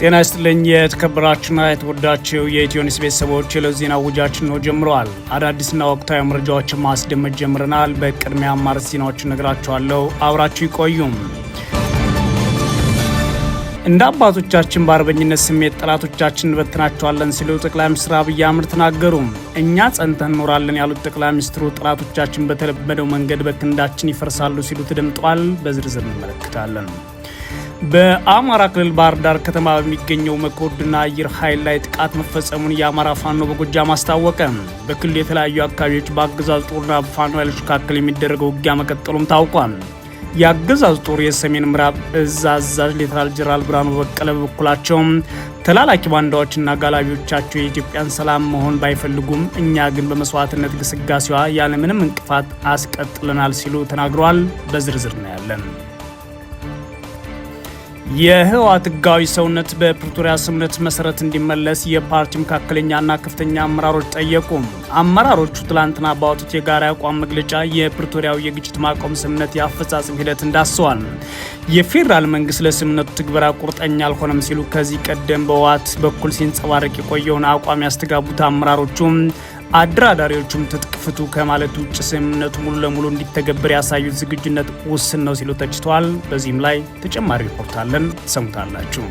ጤና ይስጥልኝ የተከበራችሁና የተወዳችው የኢትዮ ኒውስ ቤተሰቦች፣ የዕለቱ ዜና ውጃችን ነው ጀምረዋል። አዳዲስና ወቅታዊ መረጃዎችን ማስደመጥ ጀምረናል። በቅድሚያ አማርስ ዜናዎችን ነግራችኋለሁ፣ አብራችሁ ይቆዩም። እንደ አባቶቻችን በአርበኝነት ስሜት ጠላቶቻችን እንበትናቸዋለን ሲሉ ጠቅላይ ሚኒስትር አብይ አህመድ ተናገሩ። እኛ ጸንተን እኖራለን ያሉት ጠቅላይ ሚኒስትሩ ጠላቶቻችን በተለመደው መንገድ በክንዳችን ይፈርሳሉ ሲሉ ተደምጠዋል። በዝርዝር እንመለከታለን። በአማራ ክልል ባህር ዳር ከተማ በሚገኘው መኮድና አየር ኃይል ላይ ጥቃት መፈጸሙን የአማራ ፋኖ በጎጃም አስታወቀ። በክልል የተለያዩ አካባቢዎች በአገዛዝ ጦርና በፋኖ ኃይሎች መካከል የሚደረገው ውጊያ መቀጠሉም ታውቋል። የአገዛዝ ጦር የሰሜን ምዕራብ እዝ አዛዥ ሌተናል ብርሃኑ በቀለ በበኩላቸው ተላላኪ ባንዳዎችና ጋላቢዎቻቸው የኢትዮጵያን ሰላም መሆን ባይፈልጉም እኛ ግን በመስዋዕትነት ግስጋሴዋ ያለምንም እንቅፋት አስቀጥለናል ሲሉ ተናግረዋል። በዝርዝር ነው ያለን። የህወሓት ህጋዊ ሰውነት በፕሪቶሪያ ስምምነት መሰረት እንዲመለስ የፓርቲ መካከለኛና ከፍተኛ አመራሮች ጠየቁ። አመራሮቹ ትላንትና ባወጡት የጋራ አቋም መግለጫ የፕሪቶሪያው የግጭት ማቆም ስምምነት የአፈጻጸም ሂደት እንዳስሰዋል። የፌዴራል መንግስት ለስምምነቱ ትግበራ ቁርጠኛ አልሆነም ሲሉ ከዚህ ቀደም በህወሓት በኩል ሲንጸባረቅ የቆየውን አቋም ያስተጋቡት አመራሮቹ አደራዳሪዎቹም ትጥቅ ፍቱ ከማለት ውጭ ስምምነቱ ሙሉ ለሙሉ እንዲተገበር ያሳዩት ዝግጁነት ውስን ነው ሲሉ ተችተዋል። በዚህም ላይ ተጨማሪ ሪፖርት አለን፣ ትሰሙታላችሁ።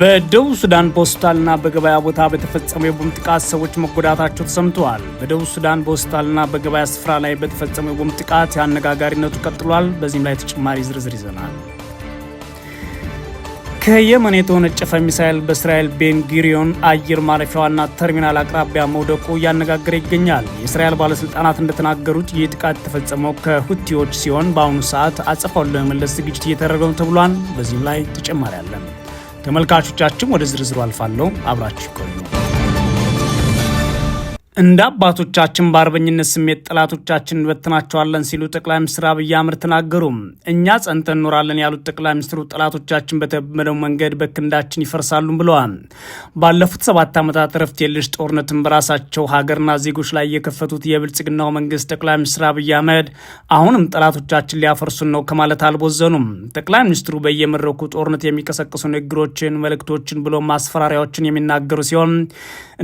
በደቡብ ሱዳን በሆስፒታልና በገበያ ቦታ በተፈጸመው የቦምብ ጥቃት ሰዎች መጎዳታቸው ተሰምተዋል። በደቡብ ሱዳን በሆስፒታልና በገበያ ስፍራ ላይ በተፈጸመው የቦምብ ጥቃት የአነጋጋሪነቱ ቀጥሏል። በዚህም ላይ ተጨማሪ ዝርዝር ይዘናል። ከየመን የተወነጨፈ ሚሳኤል በእስራኤል ቤን ጉሪዮን አየር ማረፊያ ተርሚናል አቅራቢያ መውደቁ እያነጋገረ ይገኛል። የእስራኤል ባለስልጣናት እንደተናገሩት ይህ ጥቃት የተፈጸመው ከሁቲዎች ሲሆን በአሁኑ ሰዓት አጸፋውን ለመመለስ ዝግጅት እየተደረገ ነው ተብሏል። በዚህም ላይ ተጨማሪ አለን። ተመልካቾቻችን ወደ ዝርዝሩ አልፋለሁ፣ አብራችሁ ይቆዩ። እንደ አባቶቻችን በአርበኝነት ስሜት ጠላቶቻችን እንበትናቸዋለን ሲሉ ጠቅላይ ሚኒስትር አብይ አህመድ ተናገሩ። እኛ ጸንተን እኖራለን ያሉት ጠቅላይ ሚኒስትሩ ጠላቶቻችን በተለመደው መንገድ በክንዳችን ይፈርሳሉ ብለዋል። ባለፉት ሰባት ዓመታት ረፍት የለሽ ጦርነትን በራሳቸው ሀገርና ዜጎች ላይ የከፈቱት የብልጽግናው መንግስት ጠቅላይ ሚኒስትር አብይ አህመድ አሁንም ጠላቶቻችን ሊያፈርሱን ነው ከማለት አልቦዘኑም። ጠቅላይ ሚኒስትሩ በየመድረኩ ጦርነት የሚቀሰቅሱ ንግግሮችን፣ መልእክቶችን ብሎ ማስፈራሪያዎችን የሚናገሩ ሲሆን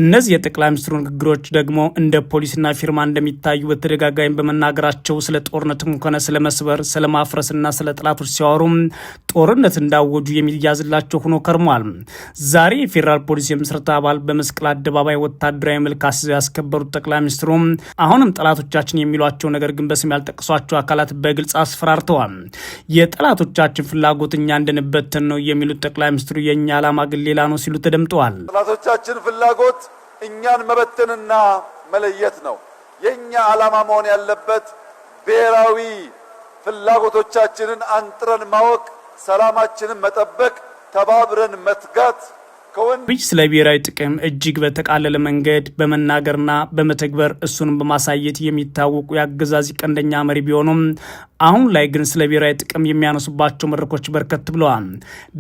እነዚህ የጠቅላይ ሚኒስትሩ ንግግሮች ደግሞ እንደ ፖሊሲና ፊርማ እንደሚታዩ በተደጋጋሚ በመናገራቸው ስለ ጦርነትም ሆነ ስለ መስበር፣ ስለ ማፍረስና ስለ ጥላቶች ሲያወሩም ጦርነት እንዳወጁ የሚያዝላቸው ሆኖ ከርሟል። ዛሬ የፌዴራል ፖሊስ የምስረታ አባል በመስቀል አደባባይ ወታደራዊ መልክ አስይዘው ያስከበሩት ጠቅላይ ሚኒስትሩ አሁንም ጠላቶቻችን የሚሏቸው ነገር ግን በስም ያልጠቀሷቸው አካላት በግልጽ አስፈራርተዋል። የጠላቶቻችን ፍላጎት እኛ እንድንበተን ነው የሚሉት ጠቅላይ ሚኒስትሩ የእኛ ዓላማ ግን ሌላ ነው ሲሉ ተደምጠዋል። ጠላቶቻችን ፍላጎት እኛን መበተንና መለየት ነው። የኛ ዓላማ መሆን ያለበት ብሔራዊ ፍላጎቶቻችንን አንጥረን ማወቅ፣ ሰላማችንን መጠበቅ፣ ተባብረን መትጋት ከወንጅ ስለ ብሔራዊ ጥቅም እጅግ በተቃለለ መንገድ በመናገርና በመተግበር እሱንም በማሳየት የሚታወቁ የአገዛዝ ቀንደኛ መሪ ቢሆኑም አሁን ላይ ግን ስለ ብሔራዊ ጥቅም የሚያነሱባቸው መድረኮች በርከት ብለዋል።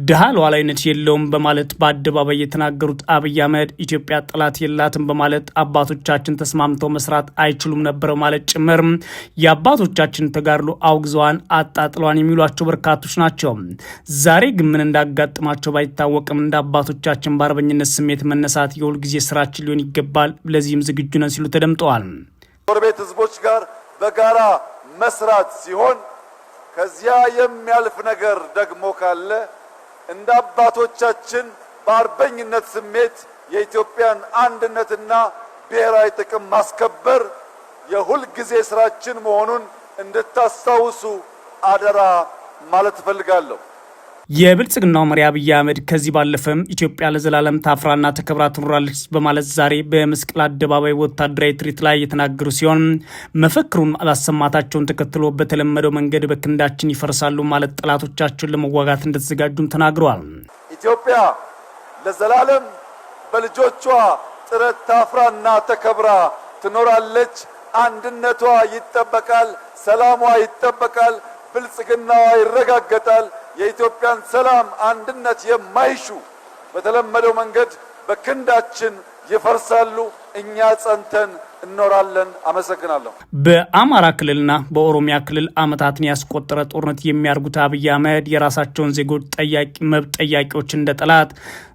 ድሃ ሉዓላዊነት የለውም በማለት በአደባባይ የተናገሩት አብይ አህመድ ኢትዮጵያ ጠላት የላትም በማለት አባቶቻችን ተስማምተው መስራት አይችሉም ነበር ማለት ጭምር የአባቶቻችን ተጋድሎ አውግዘዋን አጣጥለዋን የሚሏቸው በርካቶች ናቸው። ዛሬ ግን ምን እንዳጋጥማቸው ባይታወቅም እንደ አባቶቻችን በአርበኝነት ስሜት መነሳት የሁል ጊዜ ስራችን ሊሆን ይገባል። ለዚህም ዝግጁ ነን ሲሉ ተደምጠዋል። ጎረቤት ህዝቦች ጋር በጋራ መስራት ሲሆን ከዚያ የሚያልፍ ነገር ደግሞ ካለ እንደ አባቶቻችን በአርበኝነት ስሜት የኢትዮጵያን አንድነትና ብሔራዊ ጥቅም ማስከበር የሁል ጊዜ ስራችን መሆኑን እንድታስታውሱ አደራ ማለት እፈልጋለሁ። የብልጽግናው መሪ አብይ አህመድ ከዚህ ባለፈም ኢትዮጵያ ለዘላለም ታፍራና ተከብራ ትኖራለች በማለት ዛሬ በመስቀል አደባባይ ወታደራዊ ትርኢት ላይ የተናገሩ ሲሆን መፈክሩን አላሰማታቸውን ተከትሎ በተለመደው መንገድ በክንዳችን ይፈርሳሉ ማለት ጠላቶቻቸውን ለመዋጋት እንደተዘጋጁም ተናግረዋል። ኢትዮጵያ ለዘላለም በልጆቿ ጥረት ታፍራና ተከብራ ትኖራለች። አንድነቷ ይጠበቃል፣ ሰላሟ ይጠበቃል፣ ብልጽግናዋ ይረጋገጣል። የኢትዮጵያን ሰላም፣ አንድነት የማይሹ በተለመደው መንገድ በክንዳችን ይፈርሳሉ። እኛ ጸንተን እኖራለን። አመሰግናለሁ። በአማራ ክልልና በኦሮሚያ ክልል አመታትን ያስቆጠረ ጦርነት የሚያርጉት አብይ አህመድ የራሳቸውን ዜጎች ጠያቂ መብት ጠያቂዎች እንደ ጠላት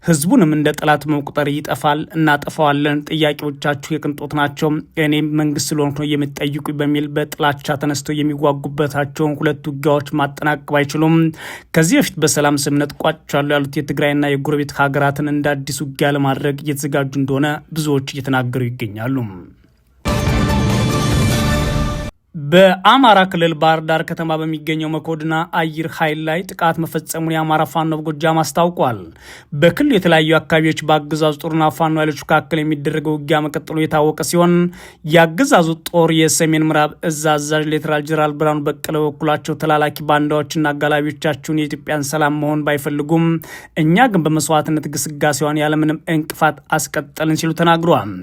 ህዝቡንም እንደ ጠላት መቁጠር ይጠፋል። እናጠፋዋለን። ጥያቄዎቻችሁ የቅንጦት ናቸው። እኔም መንግስት ስለሆንኩ ነው የምትጠይቁ በሚል በጥላቻ ተነስተው የሚዋጉበታቸውን ሁለት ውጊያዎች ማጠናቀብ አይችሉም። ከዚህ በፊት በሰላም ስምነት ቋጭቻለሁ ያሉት የትግራይና የጎረቤት ሀገራትን እንደ አዲስ ውጊያ ለማድረግ እየተዘጋጁ እንደሆነ ብዙዎች እየተናገሩ እየተናገሩ ይገኛሉ። በአማራ ክልል ባህር ዳር ከተማ በሚገኘው መኮድና አየር ኃይል ላይ ጥቃት መፈጸሙን የአማራ ፋኖ በጎጃም አስታውቋል። በክልሉ የተለያዩ አካባቢዎች በአገዛዙ ጦርና ፋኖ ኃይሎች መካከል የሚደረገው ውጊያ መቀጠሉ የታወቀ ሲሆን የአገዛዙ ጦር የሰሜን ምዕራብ እዝ አዛዥ ሌተናል ጄኔራል ብርሃኑ በቀለ በበኩላቸው ተላላኪ ባንዳዎችና አጋላቢዎቻችሁን የኢትዮጵያን ሰላም መሆን ባይፈልጉም እኛ ግን በመስዋዕትነት ግስጋሴዋን ያለምንም እንቅፋት አስቀጠልን ሲሉ ተናግረዋል።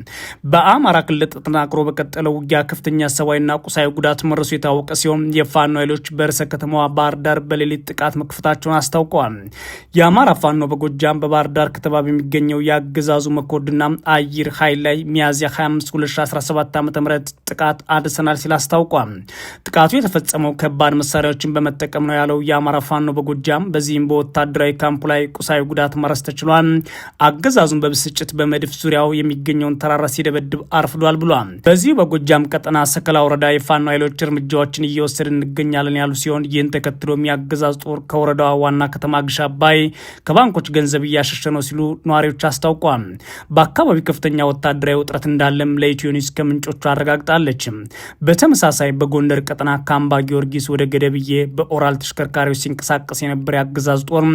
በአማራ ክልል ተጠናክሮ በቀጠለው ውጊያ ከፍተኛ ሰብአዊና ቁሳዊ ጉዳት መረሱ የታወቀ ሲሆን የፋኖ ኃይሎች በርዕሰ ከተማዋ ባህር ዳር በሌሊት ጥቃት መክፈታቸውን አስታውቀዋል። የአማራ ፋኖ በጎጃም በባህር ዳር ከተማ በሚገኘው የአገዛዙ መኮድና አየር ኃይል ላይ ሚያዝያ 25 2017 ዓ ም ጥቃት አድርሰናል ሲል አስታውቋል። ጥቃቱ የተፈጸመው ከባድ መሳሪያዎችን በመጠቀም ነው ያለው የአማራ ፋኖ በጎጃም በዚህም በወታደራዊ ካምፑ ላይ ቁሳዊ ጉዳት መረስ ተችሏል። አገዛዙን በብስጭት በመድፍ ዙሪያው የሚገኘውን ተራራ ሲደበድብ አርፍዷል ብሏል። በዚሁ በጎጃም ቀጠና ሰከላ ወረዳ የፋኖ የፋኖ ኃይሎች እርምጃዎችን እየወሰድን እንገኛለን ያሉ ሲሆን ይህን ተከትሎ የሚያገዛዝ ጦር ከወረዳዋ ዋና ከተማ ግሽ አባይ ከባንኮች ገንዘብ እያሸሸ ነው ሲሉ ነዋሪዎች አስታውቋል። በአካባቢው ከፍተኛ ወታደራዊ ውጥረት እንዳለም ለኢትዮ ኒውስ ከምንጮቹ አረጋግጣለች። በተመሳሳይ በጎንደር ቀጠና ከአምባ ጊዮርጊስ ወደ ገደብዬ በኦራል ተሽከርካሪዎች ሲንቀሳቀስ የነበረ የአገዛዝ ጦር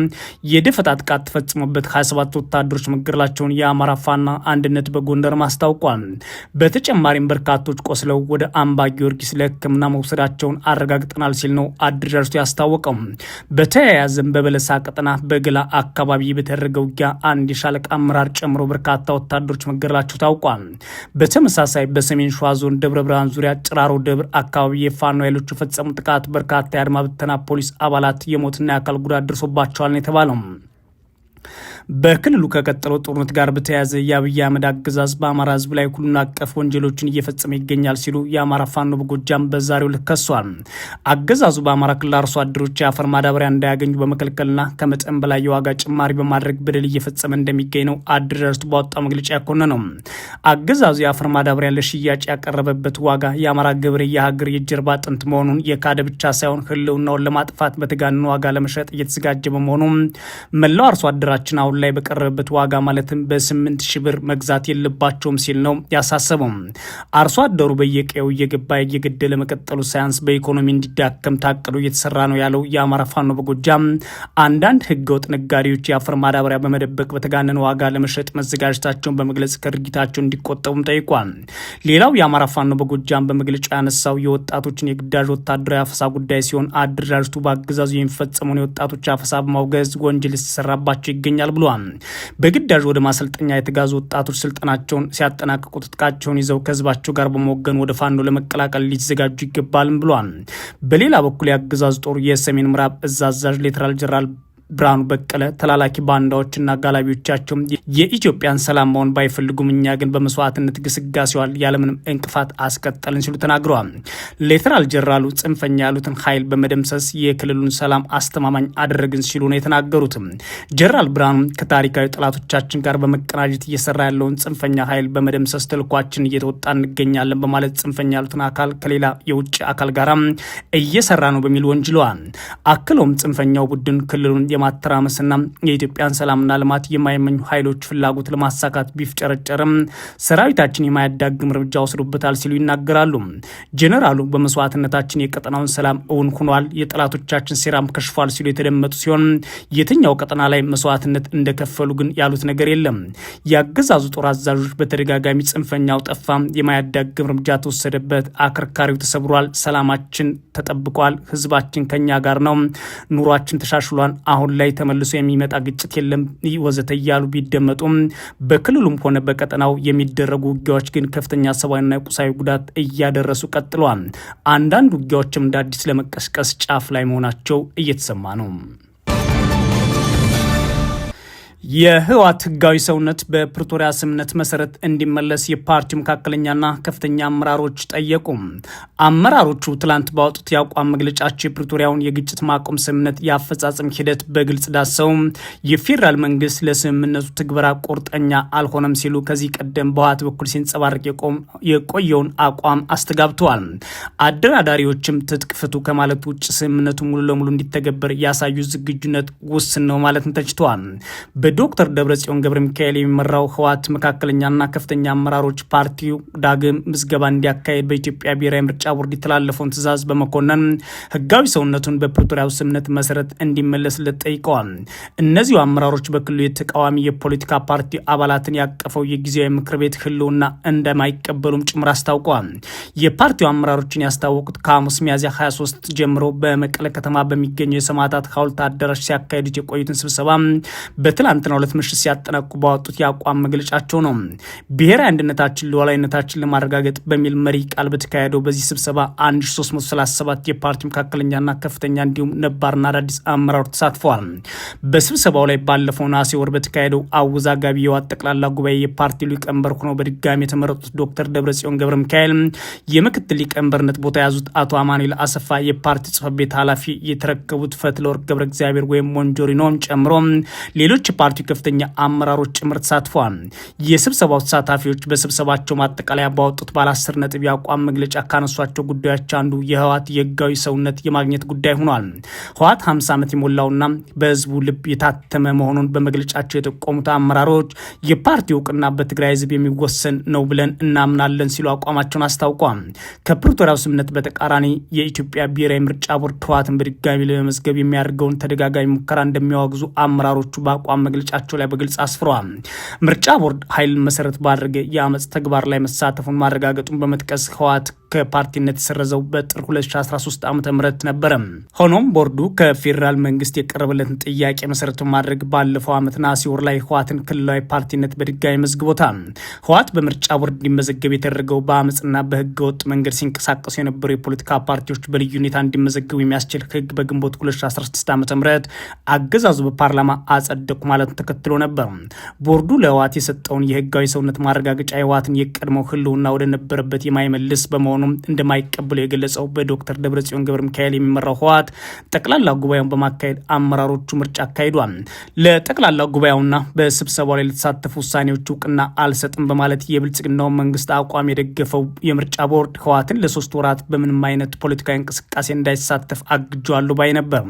የደፈጣ ጥቃት ተፈጽሞበት 27 ወታደሮች መገደላቸውን የአማራ ፋና አንድነት በጎንደር አስታውቋል። በተጨማሪም በርካቶች ቆስለው ወደ አምባ ጊዮርጊስ ለሕክምና መውሰዳቸውን አረጋግጠናል ሲል ነው አደራጅቶ ያስታወቀው። በተያያዘም በበለሳ ቀጠና በግላ አካባቢ በተደረገ ውጊያ አንድ የሻለቃ አመራር ጨምሮ በርካታ ወታደሮች መገደላቸው ታውቋል። በተመሳሳይ በሰሜን ሸዋ ዞን ደብረ ብርሃን ዙሪያ ጭራሮ ደብር አካባቢ የፋኖ ኃይሎች የፈጸሙ ጥቃት በርካታ የአድማ ብተና ፖሊስ አባላት የሞትና የአካል ጉዳት ደርሶባቸዋል ነው የተባለው። በክልሉ ከቀጠለው ጦርነት ጋር በተያያዘ የአብይ አህመድ አገዛዝ በአማራ ህዝብ ላይ ሁሉን አቀፍ ወንጀሎችን እየፈጸመ ይገኛል ሲሉ የአማራ ፋኖ በጎጃም በዛሬው ዕለት ከሷል። አገዛዙ በአማራ ክልል አርሶ አደሮች የአፈር ማዳበሪያ እንዳያገኙ በመከልከልና ከመጠን በላይ የዋጋ ጭማሪ በማድረግ በደል እየፈጸመ እንደሚገኝ ነው አደረጃጀቱ ባወጣው መግለጫ ያኮነ ነው። አገዛዙ የአፈር ማዳበሪያ ለሽያጭ ያቀረበበት ዋጋ የአማራ ገበሬ የሀገር የጀርባ አጥንት መሆኑን የካደ ብቻ ሳይሆን ህልውናውን ለማጥፋት በተጋነነ ዋጋ ለመሸጥ እየተዘጋጀ በመሆኑ መላው አርሶ አደራችን አሁን ላይ በቀረበበት ዋጋ ማለትም በስምንት ሺህ ብር መግዛት የለባቸውም ሲል ነው ያሳሰበው። አርሶ አደሩ በየቀየው እየገባ እየገደለ መቀጠሉ ሳያንስ በኢኮኖሚ እንዲዳከም ታቅዶ እየተሰራ ነው ያለው የአማራ ፋኖ በጎጃም አንዳንድ ህገወጥ ነጋዴዎች የአፈር ማዳበሪያ በመደበቅ በተጋነነ ዋጋ ለመሸጥ መዘጋጀታቸውን በመግለጽ ከድርጊታቸው እንዲቆጠቡም ጠይቋል። ሌላው የአማራ ፋኖ በጎጃም በመግለጫ ያነሳው የወጣቶችን የግዳጅ ወታደራዊ አፈሳ ጉዳይ ሲሆን አድራጅቱ በአገዛዙ የሚፈጸመውን የወጣቶች አፈሳ በማውገዝ ወንጀል ሲሰራባቸው ይገኛል ብሏል። በግዳጅ ወደ ማሰልጠኛ የተጋዙ ወጣቶች ስልጠናቸውን ሲያጠናቅቁ ትጥቃቸውን ይዘው ከህዝባቸው ጋር በመወገን ወደ ፋኖ ለመቀላቀል ሊዘጋጁ ይገባልም ብሏል። በሌላ በኩል የአገዛዝ ጦር የሰሜን ምዕራብ እዝ አዛዥ ሌተናል ጀነራል ብርሃኑ በቀለ ተላላኪ ባንዳዎችና አጋላቢዎቻቸው የኢትዮጵያን ሰላም መሆን ባይፈልጉም እኛ ግን በመስዋዕትነት ግስጋሴዋል ያለምንም እንቅፋት አስቀጠልን ሲሉ ተናግረዋል። ሌተናል ጀነራሉ ጽንፈኛ ያሉትን ኃይል በመደምሰስ የክልሉን ሰላም አስተማማኝ አደረግን ሲሉ ነው የተናገሩትም። ጀነራል ብርሃኑ ከታሪካዊ ጠላቶቻችን ጋር በመቀናጀት እየሰራ ያለውን ጽንፈኛ ኃይል በመደምሰስ ተልኳችን እየተወጣ እንገኛለን በማለት ጽንፈኛ ያሉትን አካል ከሌላ የውጭ አካል ጋራ እየሰራ ነው በሚል ወንጅለዋል። አክለውም ጽንፈኛው ቡድን ክልሉን የማተራመስና የኢትዮጵያን ሰላምና ልማት የማይመኙ ኃይሎች ፍላጎት ለማሳካት ቢፍጨረጨርም ሰራዊታችን የማያዳግም እርምጃ ወስዶበታል ሲሉ ይናገራሉ። ጄኔራሉ በመስዋዕትነታችን የቀጠናውን ሰላም እውን ሆኗል፣ የጠላቶቻችን ሴራም ከሽፏል ሲሉ የተደመጡ ሲሆን የትኛው ቀጠና ላይ መስዋዕትነት እንደከፈሉ ግን ያሉት ነገር የለም። የአገዛዙ ጦር አዛዦች በተደጋጋሚ ጽንፈኛው ጠፋ፣ የማያዳግም እርምጃ ተወሰደበት፣ አከርካሪው ተሰብሯል፣ ሰላማችን ተጠብቋል፣ ህዝባችን ከኛ ጋር ነው፣ ኑሯችን ተሻሽሏል አሁን አሁን ላይ ተመልሶ የሚመጣ ግጭት የለም ወዘተ እያሉ ቢደመጡም በክልሉም ሆነ በቀጠናው የሚደረጉ ውጊያዎች ግን ከፍተኛ ሰብአዊና ቁሳዊ ጉዳት እያደረሱ ቀጥሏል። አንዳንድ ውጊያዎችም እንደ አዲስ ለመቀስቀስ ጫፍ ላይ መሆናቸው እየተሰማ ነው። የህወሓት ህጋዊ ሰውነት በፕሪቶሪያ ስምምነት መሰረት እንዲመለስ የፓርቲው መካከለኛና ከፍተኛ አመራሮች ጠየቁ። አመራሮቹ ትላንት ባወጡት የአቋም መግለጫቸው የፕሪቶሪያውን የግጭት ማቆም ስምምነት የአፈጻጸም ሂደት በግልጽ ዳሰው የፌዴራል መንግስት ለስምምነቱ ትግበራ ቁርጠኛ አልሆነም ሲሉ ከዚህ ቀደም በህወሓት በኩል ሲንጸባረቅ የቆየውን አቋም አስተጋብተዋል። አደራዳሪዎችም ትጥቅ ፍቱ ከማለት ውጭ ስምምነቱ ሙሉ ለሙሉ እንዲተገበር ያሳዩ ዝግጁነት ውስን ነው ማለትም ተችተዋል። በዶክተር ደብረጽዮን ገብረ ሚካኤል የሚመራው ህወሓት መካከለኛና ከፍተኛ አመራሮች ፓርቲው ዳግም ምዝገባ እንዲያካሄድ በኢትዮጵያ ብሔራዊ ምርጫ ቦርድ የተላለፈውን ትዕዛዝ በመኮነን ህጋዊ ሰውነቱን በፕሪቶሪያው ስምምነት መሰረት እንዲመለስለት ጠይቀዋል። እነዚሁ አመራሮች በክልሉ የተቃዋሚ የፖለቲካ ፓርቲ አባላትን ያቀፈው የጊዜያዊ ምክር ቤት ህልውና እንደማይቀበሉም ጭምር አስታውቀዋል። የፓርቲው አመራሮችን ያስታወቁት ከሐሙስ ሚያዝያ 23 ጀምሮ በመቀለ ከተማ በሚገኘው የሰማዕታት ሐውልት አዳራሽ ሲያካሄዱት የቆዩትን ስብሰባ በትላንት በትላንትና ሁለት ምሽት ሲያጠናቁ ባወጡት የአቋም መግለጫቸው ነው። ብሔራዊ አንድነታችን ሉዓላዊነታችን ለማረጋገጥ በሚል መሪ ቃል በተካሄደው በዚህ ስብሰባ 1337 የፓርቲ መካከለኛና ከፍተኛ እንዲሁም ነባርና አዳዲስ አመራሮች ተሳትፈዋል። በስብሰባው ላይ ባለፈው ነሐሴ ወር በተካሄደው አወዛጋቢ የህወሓት ጠቅላላ ጉባኤ የፓርቲ ሊቀመንበር ሆነው በድጋሚ የተመረጡት ዶክተር ደብረጽዮን ገብረ ሚካኤል፣ የምክትል ሊቀመንበርነት ቦታ የያዙት አቶ አማኑኤል አሰፋ፣ የፓርቲ ጽህፈት ቤት ኃላፊ የተረከቡት ፈትለወርቅ ገብረ እግዚአብሔር ወይም ሞንጆሪኖም ጨምሮ ሌሎች የፓርቲው ከፍተኛ አመራሮች ጭምር ተሳትፏል። የስብሰባው ተሳታፊዎች በስብሰባቸው ማጠቃለያ ባወጡት ባለ አስር ነጥብ የአቋም መግለጫ ካነሷቸው ጉዳዮች አንዱ የህወሓት የህጋዊ ሰውነት የማግኘት ጉዳይ ሆኗል። ህወሓት 50 ዓመት የሞላውና በህዝቡ ልብ የታተመ መሆኑን በመግለጫቸው የጠቆሙት አመራሮች የፓርቲ እውቅና በትግራይ ህዝብ የሚወሰን ነው ብለን እናምናለን ሲሉ አቋማቸውን አስታውቋል። ከፕሪቶሪያው ስምምነት በተቃራኒ የኢትዮጵያ ብሔራዊ ምርጫ ቦርድ ህወሓትን በድጋሚ ለመመዝገብ የሚያደርገውን ተደጋጋሚ ሙከራ እንደሚያወግዙ አመራሮቹ በአቋም መግለ መግለጫቸው ላይ በግልጽ አስፍረዋል። ምርጫ ቦርድ ኃይል መሰረት ባድረገ የአመፅ ተግባር ላይ መሳተፉን ማረጋገጡን በመጥቀስ ህወሓት ከፓርቲነት የሰረዘው በጥር 2013 ዓ ም ነበረ። ሆኖም ቦርዱ ከፌዴራል መንግስት የቀረበለትን ጥያቄ መሰረት ማድረግ ባለፈው ዓመት ነሐሴ ወር ላይ ህወሓትን ክልላዊ ፓርቲነት በድጋሚ መዝግቦታል። ህወሓት በምርጫ ቦርድ እንዲመዘገብ የተደረገው በአመፅና በህገ ወጥ መንገድ ሲንቀሳቀሱ የነበሩ የፖለቲካ ፓርቲዎች በልዩ ሁኔታ እንዲመዘገቡ የሚያስችል ህግ በግንቦት 2016 ዓ ም አገዛዙ በፓርላማ አጸደቁ ማለት ማለትን ተከትሎ ነበር። ቦርዱ ለህወሓት የሰጠውን የህጋዊ ሰውነት ማረጋገጫ ህወሓትን የቀድሞው ህልውና ወደነበረበት የማይመልስ በመሆኑም እንደማይቀበለው የገለጸው በዶክተር ደብረጽዮን ገብረ ሚካኤል የሚመራው ህወሓት ጠቅላላ ጉባኤውን በማካሄድ አመራሮቹ ምርጫ አካሂዷል። ለጠቅላላ ጉባኤውና በስብሰባው ላይ ለተሳተፉ ውሳኔዎች እውቅና አልሰጥም በማለት የብልጽግናው መንግስት አቋም የደገፈው የምርጫ ቦርድ ህወሓትን ለሶስት ወራት በምንም አይነት ፖለቲካዊ እንቅስቃሴ እንዳይሳተፍ አግጇሉ ባይ ነበር።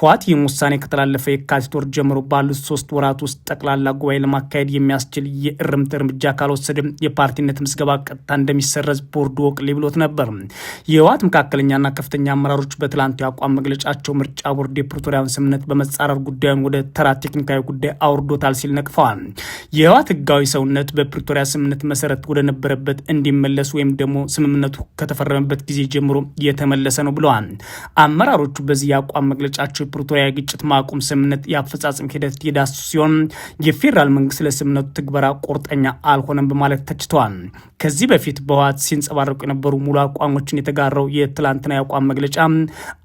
ህወሓት ይህም ውሳኔ ከተላለፈ የካቲት ወር ጀምሮ ባሉት ሶስት ወራት ውስጥ ጠቅላላ ጉባኤ ለማካሄድ የሚያስችል የእርምት እርምጃ ካልወሰድም የፓርቲነት ምዝገባ ቀጥታ እንደሚሰረዝ ቦርዱ ወቅሌ ብሎት ነበር። የህወሓት መካከለኛና ከፍተኛ አመራሮች በትላንቱ የአቋም መግለጫቸው ምርጫ ቦርድ የፕሪቶሪያን ስምምነት በመጻረር ጉዳዩን ወደ ተራ ቴክኒካዊ ጉዳይ አውርዶታል ሲል ነቅፈዋል። የህወሓት ህጋዊ ሰውነት በፕሪቶሪያ ስምምነት መሰረት ወደነበረበት እንዲመለስ ወይም ደግሞ ስምምነቱ ከተፈረመበት ጊዜ ጀምሮ የተመለሰ ነው ብለዋል። አመራሮቹ በዚህ የአቋም መግለጫቸው የፕሪቶሪያ ግጭት ማቆም ስምምነት የአፈጻጸም ሂደት የዳስ ሲሆን የፌዴራል መንግስት ለስምምነቱ ትግበራ ቁርጠኛ አልሆነም በማለት ተችተዋል። ከዚህ በፊት በህወሓት ሲንጸባረቁ የነበሩ ሙሉ አቋሞችን የተጋራው የትላንትና የአቋም መግለጫ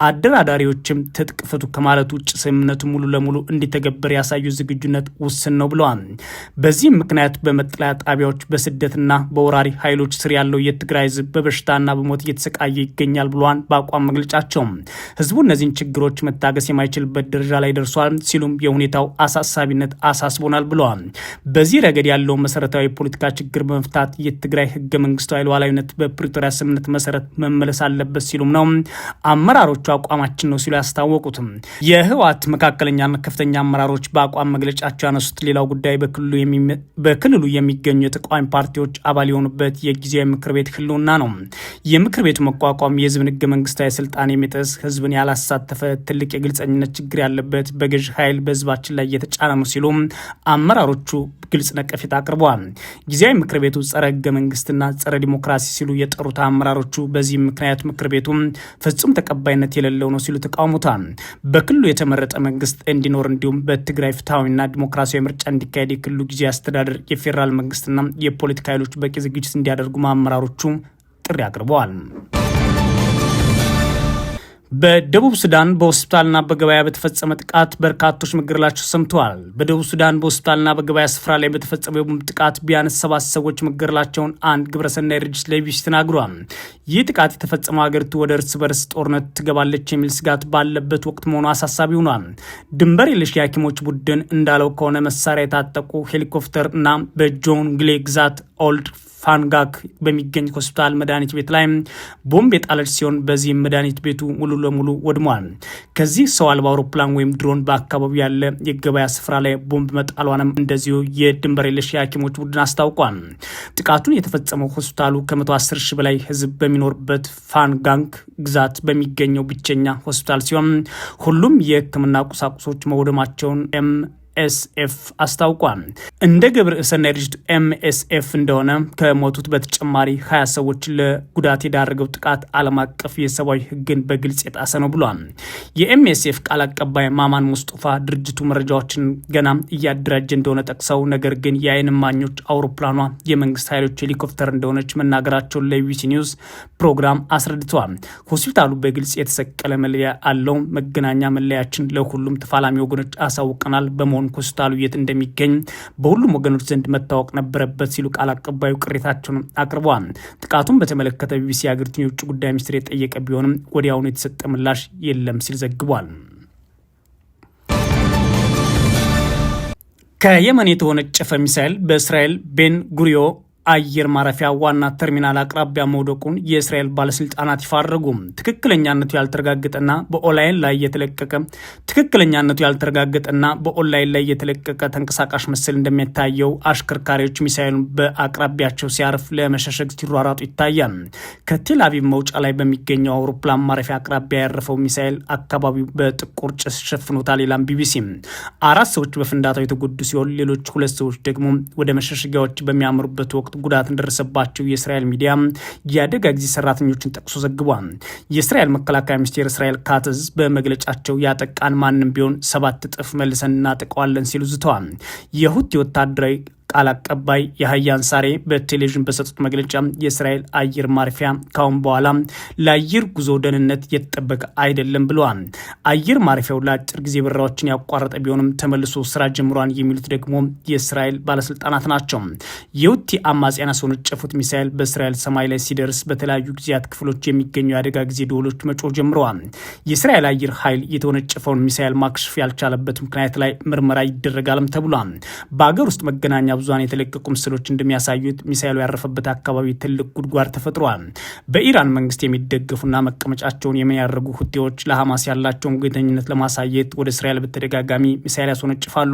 አደራዳሪዎችም ትጥቅ ፍቱ ከማለት ውጭ ስምምነቱ ሙሉ ለሙሉ እንዲተገበር ያሳዩ ዝግጁነት ውስን ነው ብለዋል። በዚህም ምክንያት በመጠለያ ጣቢያዎች በስደትና በወራሪ ኃይሎች ስር ያለው የትግራይ ህዝብ በበሽታና በሞት እየተሰቃየ ይገኛል ብለዋል። በአቋም መግለጫቸው ህዝቡ እነዚህን ችግሮች መታገስ የማይችልበት ደረጃ ላይ ደርሷል ሲሉም የሁኔታው አሳሳቢ ተገቢነት አሳስቦናል ብለዋል። በዚህ ረገድ ያለውን መሰረታዊ የፖለቲካ ችግር በመፍታት የትግራይ ህገ መንግስታዊ ሉዓላዊነት በፕሪቶሪያ ስምምነት መሰረት መመለስ አለበት ሲሉም ነው አመራሮቹ አቋማችን ነው ሲሉ ያስታወቁትም። የህወሓት መካከለኛና ከፍተኛ አመራሮች በአቋም መግለጫቸው ያነሱት ሌላው ጉዳይ በክልሉ የሚገኙ የተቃዋሚ ፓርቲዎች አባል የሆኑበት የጊዜያዊ ምክር ቤት ህልውና ነው። የምክር ቤቱ መቋቋም የህዝብን ህገ መንግስታዊ ስልጣን የሚጥስ ህዝብን ያላሳተፈ ትልቅ የግልጸኝነት ችግር ያለበት በገዥ ኃይል በህዝባችን ላይ የተጫነ ተጠቀሙ ሲሉ አመራሮቹ ግልጽ ነቀፌታ አቅርበዋል። ጊዜያዊ ምክር ቤቱ ጸረ ህገ መንግስትና ጸረ ዲሞክራሲ ሲሉ የጠሩት አመራሮቹ በዚህ ምክንያት ምክር ቤቱ ፍጹም ተቀባይነት የሌለው ነው ሲሉ ተቃውሙታል በክልሉ የተመረጠ መንግስት እንዲኖር እንዲሁም በትግራይ ፍትሐዊና ዲሞክራሲያዊ ምርጫ እንዲካሄድ የክልሉ ጊዜ አስተዳደር የፌዴራል መንግስትና የፖለቲካ ኃይሎች በቂ ዝግጅት እንዲያደርጉ አመራሮቹ ጥሪ አቅርበዋል። በደቡብ ሱዳን በሆስፒታልና በገበያ በተፈጸመ ጥቃት በርካቶች መገደላቸው ሰምተዋል። በደቡብ ሱዳን በሆስፒታልና በገበያ ስፍራ ላይ በተፈጸመ የቦምብ ጥቃት ቢያንስ ሰባት ሰዎች መገደላቸውን አንድ ግብረሰናይ ድርጅት ለቢቢሲ ተናግሯል። ይህ ጥቃት የተፈጸመው ሀገሪቱ ወደ እርስ በርስ ጦርነት ትገባለች የሚል ስጋት ባለበት ወቅት መሆኑ አሳሳቢ ሆኗል። ድንበር የለሽ የሐኪሞች ቡድን እንዳለው ከሆነ መሳሪያ የታጠቁ ሄሊኮፕተር ሄሊኮፕተርና በጆን ግሌ ግዛት ኦልድ ፋንጋክ በሚገኝ ሆስፒታል መድኃኒት ቤት ላይ ቦምብ የጣለች ሲሆን በዚህም መድኃኒት ቤቱ ሙሉ ለሙሉ ወድሟል። ከዚህ ሰው አልባ አውሮፕላን ወይም ድሮን በአካባቢው ያለ የገበያ ስፍራ ላይ ቦምብ መጣሏንም እንደዚሁ የድንበር የለሽ የሐኪሞች ቡድን አስታውቋል። ጥቃቱን የተፈጸመው ሆስፒታሉ ከ110 ሺህ በላይ ህዝብ በሚኖርበት ፋንጋንግ ግዛት በሚገኘው ብቸኛ ሆስፒታል ሲሆን ሁሉም የህክምና ቁሳቁሶች መውደማቸውን ኤምኤስኤፍ አስታውቋል። እንደ ግብር እሰና ድርጅት ኤምኤስኤፍ እንደሆነ ከሞቱት በተጨማሪ ሀያ ሰዎች ለጉዳት የዳረገው ጥቃት ዓለም አቀፍ የሰብአዊ ሕግን በግልጽ የጣሰ ነው ብሏል። የኤምኤስኤፍ ቃል አቀባይ ማማን ሙስጡፋ ድርጅቱ መረጃዎችን ገና እያደራጀ እንደሆነ ጠቅሰው ነገር ግን የአይን እማኞች አውሮፕላኗ የመንግስት ኃይሎች ሄሊኮፕተር እንደሆነች መናገራቸውን ለቢሲ ኒውስ ፕሮግራም አስረድተዋል። ሆስፒታሉ በግልጽ የተሰቀለ መለያ አለው። መገናኛ መለያችን ለሁሉም ተፋላሚ ወገኖች አሳውቀናል። በመሆኑ ኮስታሉ የት እንደሚገኝ በሁሉም ወገኖች ዘንድ መታወቅ ነበረበት ሲሉ ቃል አቀባዩ ቅሬታቸውን አቅርበዋል። ጥቃቱን በተመለከተ ቢቢሲ የአገሪቱን የውጭ ጉዳይ ሚኒስትር የጠየቀ ቢሆንም ወዲያውኑ የተሰጠ ምላሽ የለም ሲል ዘግቧል። ከየመን የተወነጨፈ ሚሳይል በእስራኤል ቤን ጉሪዮ አየር ማረፊያ ዋና ተርሚናል አቅራቢያ መውደቁን የእስራኤል ባለስልጣናት ይፋረጉ ትክክለኛነቱ ያልተረጋገጠና በኦንላይን ላይ የተለቀቀ ትክክለኛነቱ ያልተረጋገጠና በኦንላይን ላይ የተለቀቀ ተንቀሳቃሽ ምስል እንደሚታየው አሽከርካሪዎች ሚሳኤሉን በአቅራቢያቸው ሲያርፍ ለመሸሸግ ሲሯራጡ ይታያል። ከቴል አቪቭ መውጫ ላይ በሚገኘው አውሮፕላን ማረፊያ አቅራቢያ ያረፈው ሚሳኤል አካባቢው በጥቁር ጭስ ሸፍኖታል። ይላም ቢቢሲ አራት ሰዎች በፍንዳታው የተጎዱ ሲሆን ሌሎች ሁለት ሰዎች ደግሞ ወደ መሸሸጊያዎች በሚያምሩበት ወቅት ጉዳት እንደደረሰባቸው የእስራኤል ሚዲያ የአደጋ ጊዜ ሰራተኞችን ጠቅሶ ዘግቧል። የእስራኤል መከላከያ ሚኒስቴር እስራኤል ካትዝ በመግለጫቸው ያጠቃን ማንም ቢሆን ሰባት እጥፍ መልሰን እናጠቀዋለን ሲሉ ዝተዋል። የሁቲ ወታደራዊ ቃል አቀባይ የሀያ አንሳሬ በቴሌቪዥን በሰጡት መግለጫ የእስራኤል አየር ማረፊያ ካሁን በኋላ ለአየር ጉዞ ደህንነት የተጠበቀ አይደለም ብለዋል። አየር ማረፊያው ለአጭር ጊዜ በረራዎችን ያቋረጠ ቢሆንም ተመልሶ ስራ ጀምሯል የሚሉት ደግሞ የእስራኤል ባለስልጣናት ናቸው። የውቲ አማጽያን ያስወነጨፉት ሚሳኤል በእስራኤል ሰማይ ላይ ሲደርስ በተለያዩ ጊዜያት ክፍሎች የሚገኙ የአደጋ ጊዜ ደወሎች መጮህ ጀምረዋል። የእስራኤል አየር ኃይል የተወነጨፈውን ሚሳኤል ማክሸፍ ያልቻለበት ምክንያት ላይ ምርመራ ይደረጋልም ተብሏል። በአገር ውስጥ መገናኛ ብዙሀን የተለቀቁ ምስሎች እንደሚያሳዩት ሚሳይሉ ያረፈበት አካባቢ ትልቅ ጉድጓድ ተፈጥሯል። በኢራን መንግስት የሚደገፉና መቀመጫቸውን የመን ያደረጉ ሁቴዎች ለሐማስ ያላቸውን ወገንተኝነት ለማሳየት ወደ እስራኤል በተደጋጋሚ ሚሳይል ያስወነጭፋሉ።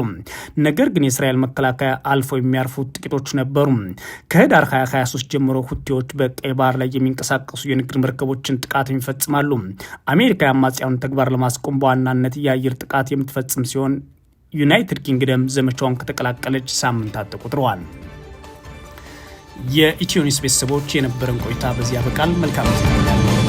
ነገር ግን የእስራኤል መከላከያ አልፎ የሚያርፉ ጥቂቶች ነበሩ። ከህዳር 2023 ጀምሮ ሁቴዎች በቀይ ባህር ላይ የሚንቀሳቀሱ የንግድ መርከቦችን ጥቃት ይፈጽማሉ። አሜሪካ የአማጽያኑን ተግባር ለማስቆም በዋናነት የአየር ጥቃት የምትፈጽም ሲሆን ዩናይትድ ኪንግደም ዘመቻውን ከተቀላቀለች ሳምንታት ተቆጥረዋል። የኢትዮኒስ ቤተሰቦች የነበረን ቆይታ በዚህ ያበቃል። መልካም